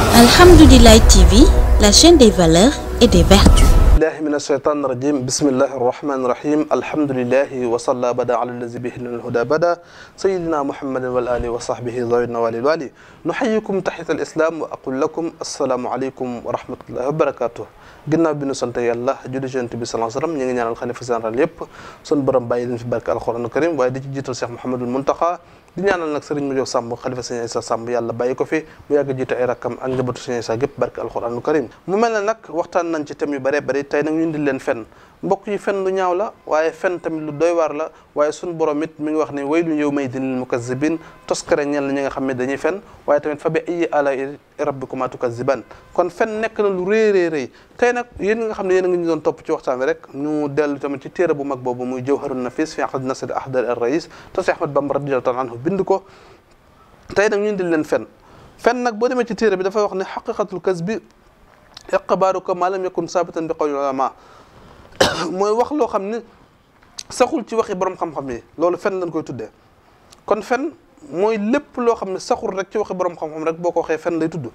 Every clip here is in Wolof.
Alhamdulillah TV, la chaîne des valeurs et des vertus. الله من الشيطان الرجيم بسم الله الرحمن الرحيم الحمد لله وصلى بدا على الذي به الهدى بدا سيدنا محمد والآل وصحبه ظهرنا والوالي نحييكم تحيه الإسلام وأقول لكم السلام عليكم ورحمة الله وبركاته قلنا بن سلطي الله جد جنت بسلام سلام نيجي على الخليفة سان راليب سن بايدن في بركة القرآن الكريم وادي جيت الشيخ محمد المنتقى di ñaanal nag sëriñ Madior Samb xalifa sëriñ Issa Samb yàlla bàyyi ko fi mu yàgg jiite ay rakkam ak njabootu sëriñ Issa gépp barke alxuraanul karim mu mel ne nag waxtaan nañ ci thème yi bare bare tey nag ñu indil leen fenn mbokk yi fen lu ñaaw la waaye fen tamit lu doy waar la waaye sun borom it mi ngi wax ne waylun yawmaydin lil mukazzibin toskare ñeel na ñi nga xam ne dañuy fen waaye tamit fa bi ayyi alaa'i rabbikumaa tukazziban kon fen nekk na lu rëy rëy rëy tey nag yéen nga xam ne yéen nga ñu doon topp ci waxtaan rek ñu dellu tamit ci téere bu mag boobu muy jawharun nafis fi aqd nasr ahdar ar rais to si ahmad bamba radiyallahu taala anhu bind ko tey nag ñu indil leen fen fen nag boo demee ci téere bi dafa wax ne xaqiqatul kasbi iqbaruka ma lam yakun sabitan bi qawli ulama moy wax lo xamni saxul ci waxi borom xam-xam yi loolu fen lañ koy tuddé kon fenn moy lépp lo xamni saxul rek ci waxi borom xam-xam rek boko ko fenn lay tuddu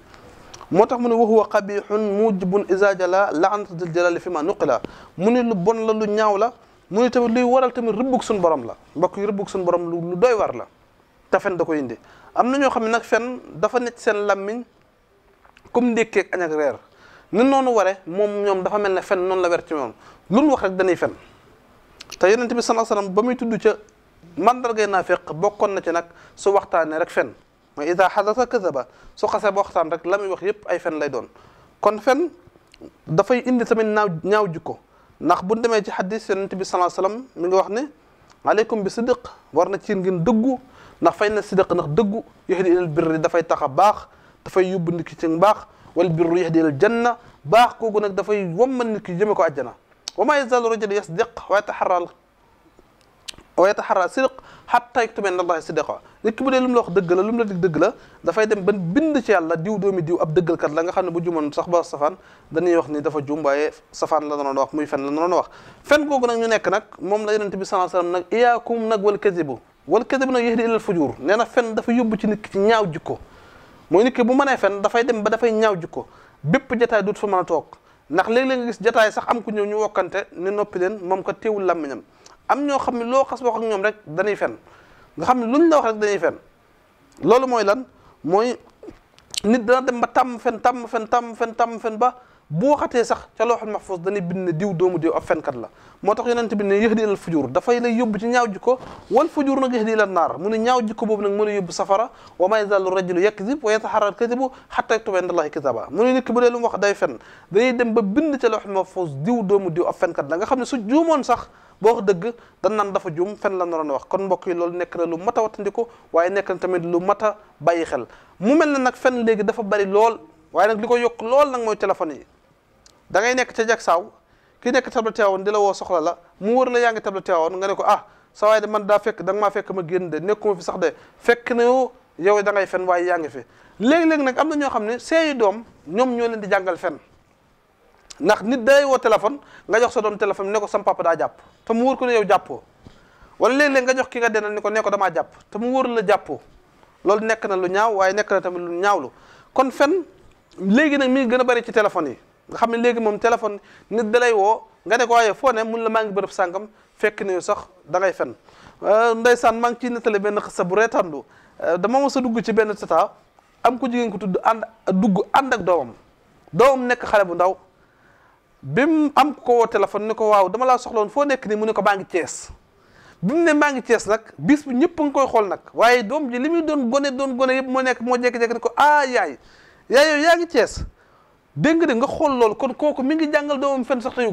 motax tax mu ne wa huwa qabihun mujibun iza jala laanata dil jalali fi ma nuqila mu ne lu bon la lu ñaaw la mu ne tamit luy waral tamit rëbbug sun borom la mbokk yu rëbbug sun borom lu doy war la ta fenn da koy indi am na ñoo xam ne nag dafa nekk sen lamiñ comme ndékkeeg añ ak reer ni nonu waré mom ñom dafa melni fenn non la wer ci ñoom lu wax rek dañuy fenn te yonent bi sallallahu alayhi wasallam bamuy tuddu ci mandargay nafiq bokkon na ci nak su waxtane rek kazaba su xasee ba waxtaan rek la wax yépp ay fen lay doon kon fen dafay indi tamit naaw ñaaw jikko ndax bu demee ci xadis yonent bi sallallahu alayhi wasallam mi ngi wax bi war na ci ngeen dëggu ndax ndax dëggu yóbbu nit wal birru yahdi ilal janna baax googu nag dafay wammal nit ki jëme ko àjjana wa maa yazaalu rajulu yasdiq wa yataharra wa yataharra sidq xatta yaktuba inda allahi sidqa nit ki bu dee lu mu la wax dëgg la lu mu la dig dëgg la dafay dem ban bind ci yàlla diw doomi diw ab dëggalkat la nga xam ne bu jumoon sax ba safaan dañuy wax ni dafa jum waaye safaan la doon wax muy fen la doon wax fen googu nag ñu nekk nag moom la yonente bi sallallahu alayhi wasallam nag iyaakum nag wal kadibu wal kadibu nag yahdi ilal fujur nee na fen dafa yóbbu ci nit ki ci ñaaw jikko mooy nit ki bu manee fen dafay dem ba dafay ñaaw jikko bépp jataay duut fa mën toog ndax léeg-léeg nga gis jataay sax am ku ñëw ñu wokkante ne noppi leen moom ko teewul làmmiñam am ñoo xam ne loo xas woo ak ñoom rek dañuy fen nga xam ne luñ la wax rek dañuy fen loolu mooy lan mooy nit dana dem ba tàmm fen tàmm fen tàmm fen tàmm fen ba bo xate sax ca looxul mahfuz dañi bind diw doomu diw ab kat la motax yonent bi ne yahdi al fujur da fay lay yob ci ñaaw jiko wal fujur nak yahdi lan nar mu ne ñaaw jikko boobu nag mu lay yóbbu safara wa ma ar rajul yakzib wa yataharra al kadibu hatta yaktuba inda allahi kitaba mu ne nit ki bu dee lu wax day fen dañuy dem ba bind ca looxul mahfuz diw doomu diw ab kat la nga xamne su juumoon sax bo wax deug dañ nan dafa juum fen la noron wax kon mbokk yi loolu nek na lu mata watandiko waye nek na tamit lu mata a bàyyi xel mu melni nak fen léegi dafa bari lol waye nak liko yok lol nak moy téléphone yi da ngay nekk ca saaw ki nekk table teewoon di la woo soxla la mu wër la yaa ngi table teewoon nga ne ko ah sa waay man daa fekk da nga fekk ma génn de nekkuma fi sax de fekk na yow da ngay fen waaye yaa ngi fi léegi-léegi nag am na ñoo xam ne seeni doom ñoom ñoo leen di jàngal fen ndax nit day woo téléphone nga jox sa doom téléphone ne ko sam papa daa jàpp te mu wóor ko jàppoo wala léeg nga jox ki nga denal ni ko ne ko damaa jàpp te mu wóor la jàppoo loolu nekk na lu ñaaw waaye nekk na tamit lu ñaawlu kon fen léegi nag mi gën a bari ci téléphone yi nga xam ne léegi moom téléphone nit dalay woo nga ne ko waaye foo ne mun la maa ngi bërëb sàngam fekk ne sax da ngay fen euh, ndeysaan maa ngi na nettali benn sa bu reetandu euh, dama mos sa dugg ci benn tata am ko jigéen ko tudd ànd dugg ànd ak doomam doomam nekk xale bu ndaw bi am ko woo ni ko waaw dama laa soxla woon foo nekk nii mu ne ko maa ngi Cees bi ne maa ngi Cees nag bis bu ñëpp a koy xool nag waaye doom ji li muy doon gone doon gone yëpp moo nekk moo jékki-jékki ne ko ah yaay yaay yaa ngi Cees deng deng de nga kon kooku mi ngi jàngal doomam fen sax te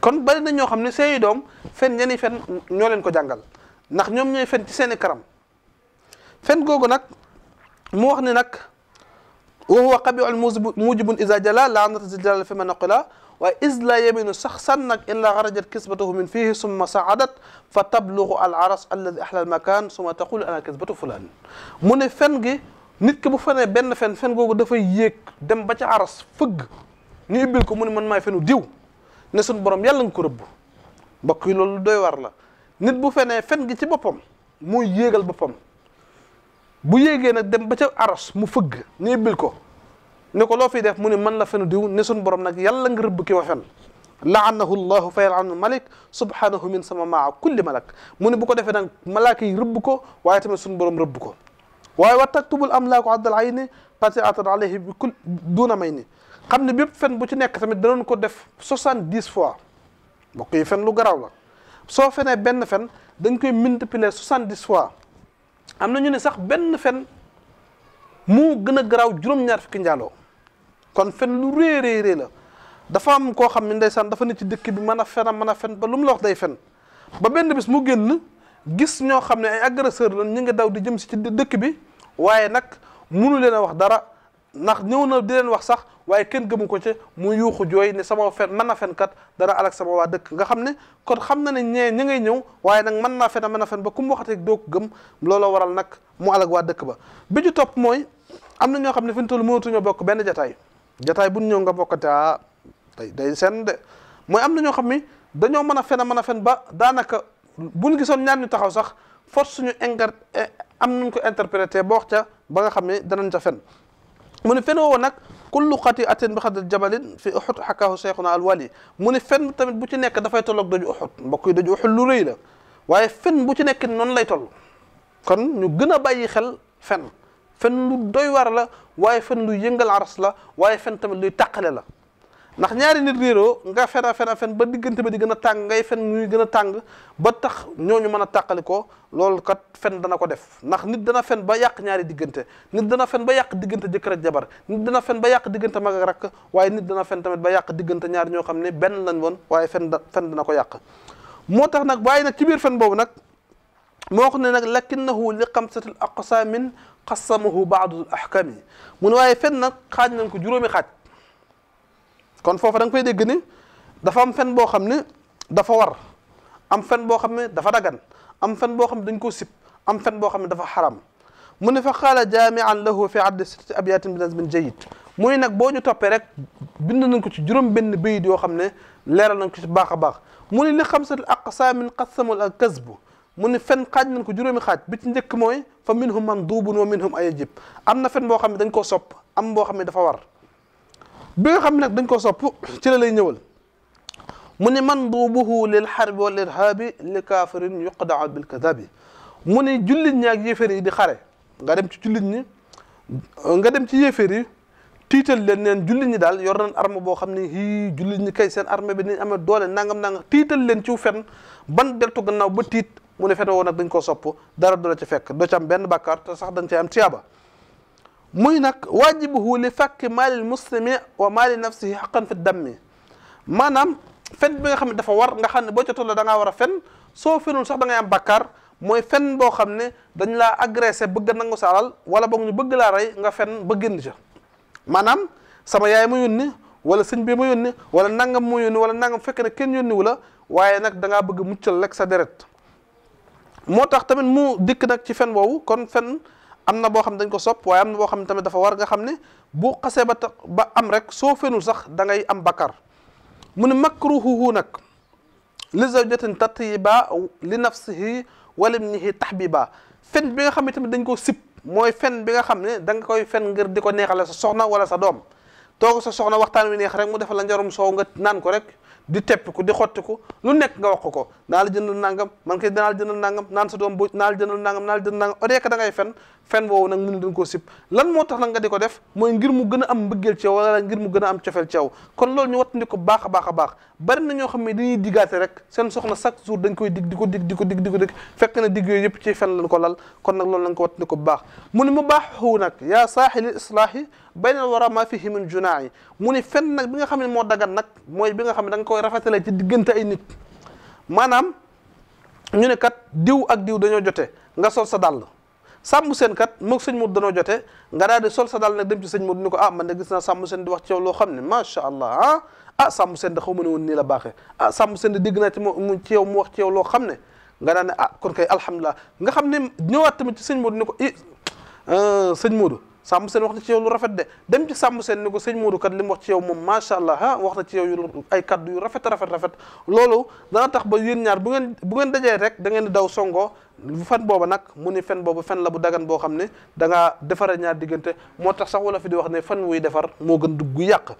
kon bari na ñoo xam ne doom fen ñeni fen ñoo leen ko jàngal ndax ñoom ñooy fen ci seeni karam fen gogo nak mu wax ne nag wa huwa qabiul mujibun iza jala la anata ziljalal fi ma naqila wa iz la yaminu saxsan nag illa xarajat kisbatuhu min fihi summa saadat fa tablugu al aras alladi ahla al makan nit ki bu fenee benn fen fen googu dafay yéeg dem ba ca aras fëgg ñu ibbil ko mu ne man maay fenu diw ne suñ borom yàlla nga ko rëbb mbokk yi loolu doy war la nit bu fenee fen gi ci boppam mooy yéegal boppam bu yéegee nag dem ba ca aras mu fëgg ñu ibbil ko ne ko loo fiy def mu ne man la fenu diw ne suñ borom nag yàlla nga rëbb ki ma fen laanahu llahu fa yalanu malik subhanahu min sama maa kulli malak mu ne bu ko defee nag malaaka yi rëbb ko waaye tamit suñ borom rëbb ko وتكتب الاملاك عد العين قطعه عليه بكل دون مين xam ne bépp fen bu ci nekk tamit danañ ko def soixante dix fois mbokk yi fen lu garaaw la soo fenee benn fen dañ koy multiplier soixante dix fois am na ñu ne sax benn fen moo gën a garaaw juróom-ñaar fukki njaaloo kon fen lu rëy rëy rëy la dafa am koo xam ne ndeysaan dafa ne ci dëkk bi mën a fen mën a fen ba lu mu la wax day fen ba benn bis mu génn gis ñoo xam ne ay agresseur la ñu ngi daw di jëm si ci dëkk bi waaye nag munu leen a wax dara ndax ñëw na di leen wax sax waaye kenn gëmu ko ci mu yuuxu jooy ne sama fen mën na fenkat dana alak sama waa dëkk nga xam ne kon xam na ne ñee ñi ngay ñëw waaye nag mën naa fen a mën ba ku mu waxatee gëm looloo waral nag mu alak waa dëkk ba bi ju topp mooy am na ñoo xam ne fi mu toll bokk benn jataay jataay bu ñëw nga bokkate ah day day seen de mooy am na ñoo xam ne dañoo mën a fen a mën a fen ba daanaka buñ gisoon ñaar ñu taxaw sax force suñu ingar eh, am nañ ko interprété boo ca ba nga xam ne danañ ca fen mu ne fen woowu nag kullu xati atin bi xadal jabalin fi uxud xakaahu cheikhuna alwali mu ne fen tamit bu ci nekk dafay tolloog daju uxud mbokk yi daju uxud lu rëy la waaye fen bu ci nekk noonu lay toll kon ñu gën a bàyyi xel fen fen lu doy war la waaye fen lu yëngal aras la waaye fen tamit luy tàqale la ndax ñaari nit réeroo nga fera fera fen ba digënté ba di tàng ngay fen muy gëna tàng ba tax ñoñu mëna a tàqali ko loolu kat fen dana ko def ndax nit dana fen ba yàq ñaari digënté nit dana fen ba yàq digënté jëkër ak jabar nit dana fen ba yàq digënté mag ak rak waye nit dana fen tamit ba yàq digënté ñaar ño xamné ben lañ won waye fen fen dana ko yàq motax nak bayyi nak ci bir fen bobu nak moo wax ne nak lakinnahu li xamsatil aqsaamin qasamahu baadul ahkam mun waye fen nak xaaj nañ ko juróomi xaaj kon fofu dang koy deg ni dafa am fen bo xam dafa war am fen bo xam dafa dagan am fen bo xam ne dañ ko sip am fen bo xam dafa haram mun fa khala jami'an lahu fi addi sittati abyatin bi nazmin jayyid muy nak boñu topé rek bind nañ ko ci juróom benn beuy yo xamne leral nañ ko ci baxa bax mun li khamsatul aqsam qassamul ak kasbu mu ne fen xaj nañ ko juróomi xaj bi ci ndek moy fa minhum man duubun wa minhum ayajib amna fen bo xam ne dañ koo sopp am bo xam dafa war bi nga xam nag dañ ko sopp ci la lay ñëwal mu ni mandubuhu lil xarbi wal irhaabi li kaafirin yuqdaa bil kadabi mu ni jullit ñi ak yéeféer yi di xare nga dem ci jullit ñi nga dem ci yéeféer yi tiital leen neen jullit ñi daal yor nañ arme boo xam ne hii jullit ñi kay seen arme bi niñ amee doole nangam nangam tiital leen ci fen ban deltu gannaaw ba tiit mu ne fen woo nag dañ ko sopp dara du la ci fekk doo ci am benn bàkkaar te sax dañ ci am tiyaaba muy nak wajibuhu li fakki mal muslimi wa maali nafsihi xaqan fi dammi maanaam fen bi nga xam ne dafa war nga xam ne boo ca toll da ngaa war fen soo fenul sax da ngay am bakkaar mooy fen boo xam dañ laa bëgg nangu wala ñu bëgg nga fen ba génn sama yaay ma yónni wala sëñ bi ma yónni wala nangam ma yónni wala nangam fekk ne kenn yónniwu da bëgg sa deret mu dikk nag ci fen kon fen am na boo xam dañ ko sopp waaye am na boo xam ne tamit dafa war nga xam ne bu xasee ba ta ba am rek soo fenul sax dangay am bakkar mu ne makruhuhu nag li zawjatin tatyiba li nafsihi walimnihi tahbiba fen bi nga xam ne dañ koo sib mooy fen bi nga xam ne da nga koy fen ngir di ko neexale sa soxna wala sa doom toog sa soxna waxtaan wi neex rek mu defal la njarum soow nga naan ko rek di tepp ko di xotti ko lu nekk nga wax naa la jëndal nangam naa la jëndal nangam naan sa ka da fen fen woowu nag mënu dañ koo sib lan moo tax nag di ko def mooy ngir mu gën a am mbëggeel ci yow ngir mu gën a am cofeel ci yow kon loolu ñu wattandi ko baax a baax a baax bari na ñoo xam ne dañuy diggaate rek seen soxna chaque jour dañ koy dig di ko dig di ko dig di ko fekk na digg yooyu yëpp ci fen lañ ko lal kon nag loolu lañ ko wattandi ko bu baax mu ni mu baax xuu nag yaa saahili islaahi baynal wara ma fihi min junaayi mu ni fen koy rafetale ci diggante init nit maanaam ñu ne kat diw ak diw dañoo jote nga sol sa dàll sàmm seen kat moog sëñ Modou dañoo jote nga daal di sol sa dàll nag dem ci sëñ Modou ni ko ah man de gis na sàmm seen di wax ci yow loo xam ne macha allah ah ah sàmm seen xaw ma ne woon nii la baaxee ah seen di dégg naa mu ci mu wax ci loo xam ne nga daal ne ah kon kay alhamdulilah nga xam ne ñëwaat tamit ci sëñ Modou ni ko i eh, euh, sëñ Modou sam sen wax ci yow lu rafet de dem ci sam sen ni ko seigne Modou kat lim wax ci yow mom ma sha allah ha wax na ci yow ay kaddu yu rafet rafet rafet loolu dana tax ba yéen ñaar bu ngeen bu ngeen dajé rek da ngeen daw songo fen booba nag mu ni fen bobu fen la bu dagan bo xamne da nga defara ñaar digënté moo tax sax wala fi di wax ne fan wuy defar mo gën dugg yàq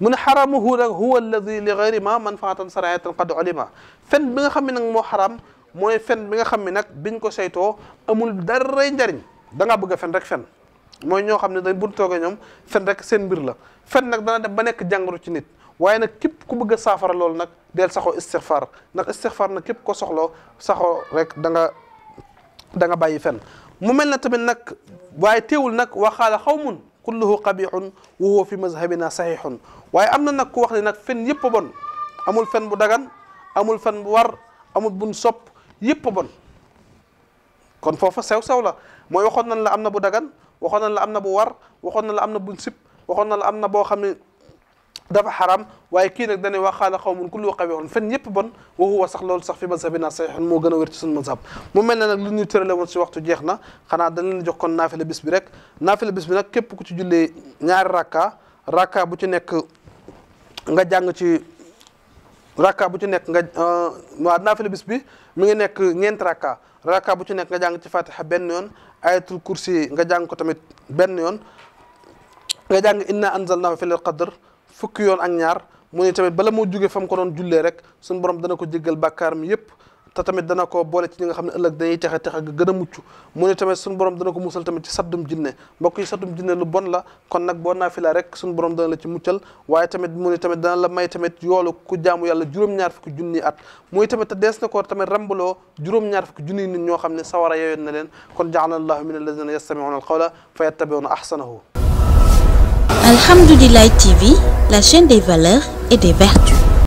mu ne xaraamuhu nag huwa alladi li gayri ma manfaatan sariatan qad ulima fen bi nga xam ne nag moo xaraam mooy fen bi nga xam ne nag biñ ko saytoo amul daray njariñ da ngaa bëgg fen rek fen mooy ñoo xam ne dañ bu toogee ñoom fen rek seen mbir la fen nag dana dem ba nekk jàngoro ci nit waaye nag képp ku bëgg a saafara loolu del saxoo istixfaar ndax istixfaar nag képp ko soxloo saxoo rek da nga da nga bàyyi fen mu mel na tamit nag waaye teewul nag waxaala xawmun kulluhu qabixun wa huwa fi mazhabina saxiixun waaye am na nag ku wax ne nag fen yëpp a bon amul fen bu dagan amul fen bu war amul bun sopp yëpp a bon kon foofa sew sew la mooy waxoon waxoon na la am na bu war waxoon na la am na buñ sib waxoon na la am na boo xam ne dafa xaram waaye kii nag dañuy wax xaala xaw mun ku lu xawee woon fen yépp bon waxuwa sax loolu sax fi mazhabina saxiix moo gën a wér ci suñu mazhab mu mel ne nag lu ñu tërale woon si waxtu jeex na xanaa dañ leen jox kon naafila bis bi rek naafila bis bi nag képp ku ci jullee ñaari rakka rakka bu ci nekk nga jàng ci rakka bu ci nekk nga euh, waaw naafila bis bi mi ngi nekk ñeenti rakka rakka bu ci nekk nga jàng ci fatiha benn yoon ayatul kursi nga jàng ko tamit benn yoon nga jàng inna anzalnahu fi lel qadr fukki yoon ak ñaar mu ni tamit bala moo jugee fa ko doon jullee rek suñu borom dana ko jéggal mi yépp te tamit dana ko boole ci ñi nga xam ne ëllëg dañuy texe texe ga gën a mucc mu ne tamit suñu borom dana ko musal tamit ci saddum jinne mbokk yi saddum jinne lu bon la kon nag boo naafila rek suñu borom dana la ci muccal waaye tamit mu ne tamit dana la may tamit yoolu ku jaamu yàlla juróom-ñaar fukki junni at muy tamit te dees na ko tamit rambaloo juróom-ñaar fukki junni nit ñoo xam ne sawara yeyoon na leen kon jaala allahu min alladina yastamiuna alqawla fa yattabiuna ahsanahu Alhamdulillah TV, la chaîne des valeurs et des vertus.